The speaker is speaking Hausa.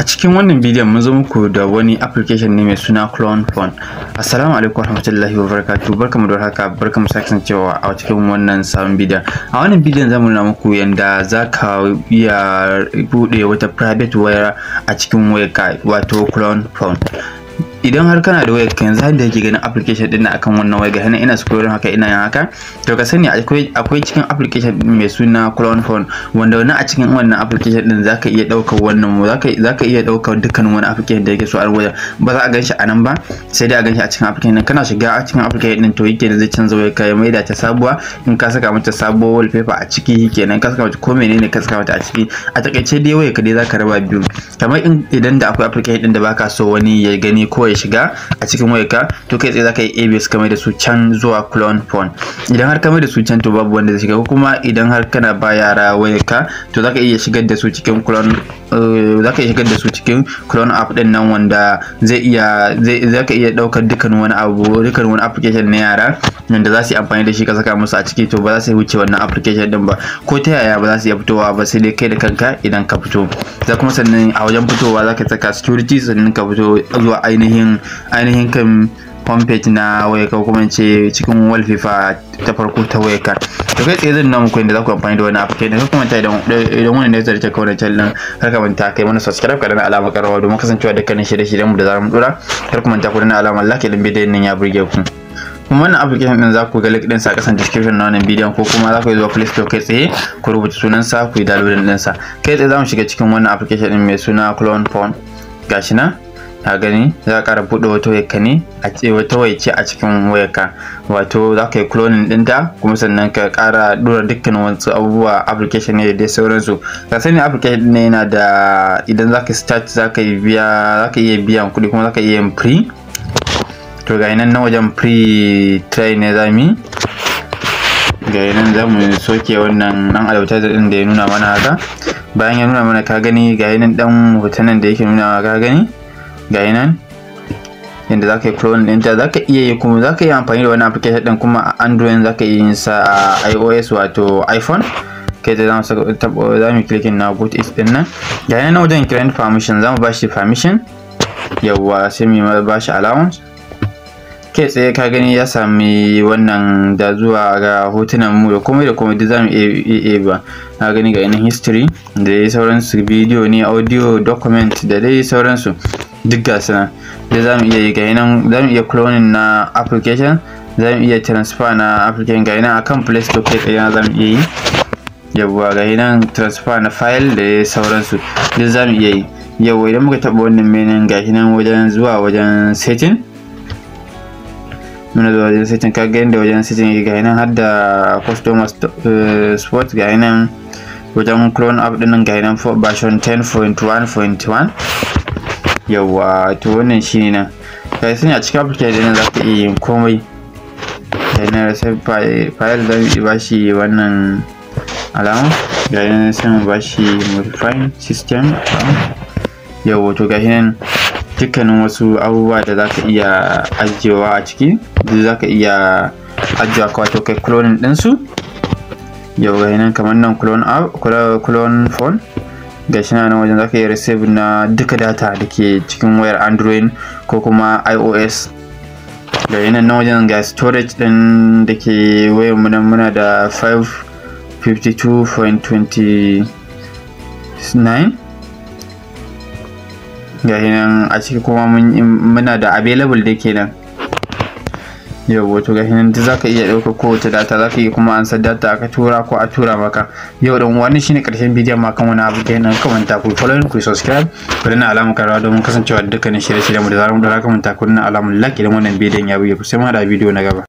A cikin wannan bidiyon mun zo muku da wani application ne mai suna Clone Phone. Assalamu alaikum warahmatullahi wabarakatuh. Barkamu da haka barkamu sake kasancewa a cikin wannan sabon bidiyon. A wannan bidiyon zamu nuna muku yanda zaka iya bude wata private wire a cikin wayarka wato Clone Phone. idan har kana da wayar kan yanzu da yake ganin application din na akan wannan wayar ga ina scrolling haka ina yin haka to ka sani akwai akwai cikin application mai suna clone phone wanda wannan a cikin wannan application din zaka iya daukar wannan zaka zaka iya daukar dukkan wani application da yake so a wajen ba za a ganshi a nan ba sai dai a ganshi a cikin application din kana shiga a cikin application din to yake da zai canza wayar ka ya maida ta sabuwa in ka saka mata sabo wallpaper a ciki kenan ka saka mata ko menene ka saka mata a ciki a takaice dai wayar ka dai zaka raba biyu kamar idan da akwai application din da baka so wani ya gani ko ya shiga a cikin wayarka to kai tsaye zaka yi abs kamar da su can zuwa clone phone idan har kamar da su can to babu wanda zai shiga ko kuma idan har kana ba yara wayarka to zaka iya shigar da su cikin clone Eh, za ka shigar da su cikin crown app din nan wanda zai iya za ka iya daukar dukkan wani abu dukkan wani application na yara wanda za su yi amfani da shi ka saka musu a ciki to ba za su wuce wannan application din ba ko ta yaya ba za su iya fitowa ba sai dai kai da kanka idan ka fito za kuma sannan a wajen fitowa za ka saka security sannan ka fito zuwa ainihin ainihin kan homepage na wayarka ko kuma ce cikin wallpaper ta farko ta wayarka to kai tsaye zan nuna muku inda za ku amfani da wani kai da kuma ta idan idan wani ne zai rike kawai channel har ka manta kai mana subscribe ka dana alama karawa domin kasancewa dukkanin shirye-shiryen mu da zaran mu dora har ku manta ku dana alama like idan bidiyo nan ya burge ku kuma wannan application din za ku ga link din sa kasan description na wannan bidiyon ko kuma za ku zuwa Play Store kai tsaye ku rubuta sunan sa ku yi downloading din sa kai tsaye za mu shiga cikin wannan application din mai suna Clone Phone gashi nan a gani za ka ƙara buɗe wata wayarka ne a ce wata ce a cikin wayarka wato za ka yi cloning ɗinta kuma sannan ka ƙara dora dukkan wasu abubuwa application ne da dai sauransu ka sani application ne yana da idan za ka start za ka biya za ka iya biyan kuɗi kuma za ka iya yin free to ga nan wajen free try ne za mu ga nan za mu soke wannan ɗan advertiser din da ya nuna mana haka bayan ya nuna mana ka gani ga nan dan hotunan da yake nuna ka gani gayi nan yadda za ka yi clone ɗinta za ka iya yi kuma za ka yi amfani da wani application ɗin kuma a android za ka yi sa a ios wato iphone kai da zamu saka tabo zamu clicking na boot is din nan gayi nan wajen client permission zamu ba shi permission yawa sai mu ma ba shi allowance kai tsaye ka gani ya sami wannan da zuwa ga hotunan mu da komai da komai da zamu iya ba na gani ga yanayin history da dai sauransu video ne audio document da dai sauransu duk gasu nan da za mu iya yi gayi nan za mu iya cloning na application za mu iya transfer na application gayi nan akan play store kai tsaye za mu iya yi yawwa gayi nan transfer na file da sauransu duk za mu iya yi yawwa idan muka taɓa wannan menin gayi nan wajen zuwa wajen setting muna zuwa wajen setting kaga yadda wajen setting yake gayi nan har da customer eh, support gayi nan wajen clone app dinnan gayi nan version 10.1.1 yawa to wannan shine nan kai sani a cikin application nan za ka iya yin komai kai na sai file da yi ba bashi wannan alama ga na sai ba shi modifying system yawa to gashi nan dukkanin wasu abubuwa da za ka iya ajiyewa a ciki duk za ka iya ajiyewa kawai to kai cloning ɗinsu yau ga nan kamar nan clone app clone phone ga shi nan wajen zaka iya receive na duka data da ke cikin wayar android ko kuma ios ga yanar na wajen ga storage din da ke wayar muna muna da 552.29 ga yanar a ciki kuma muna da available da ke nan yau to ga hinan za ka iya ko wata data za ka iya kuma an san data aka tura ko a tura maka yau dan wani shine karshen bidiyon ma kan wani abu kenan ka manta ku follow ku subscribe ku dana alamu karawa domin kasancewa dukkanin shirye-shiryen mu da zaran mu dora ka manta ku dana alamun like idan wannan bidiyon ya buge ku sai mu haɗa bidiyo na gaba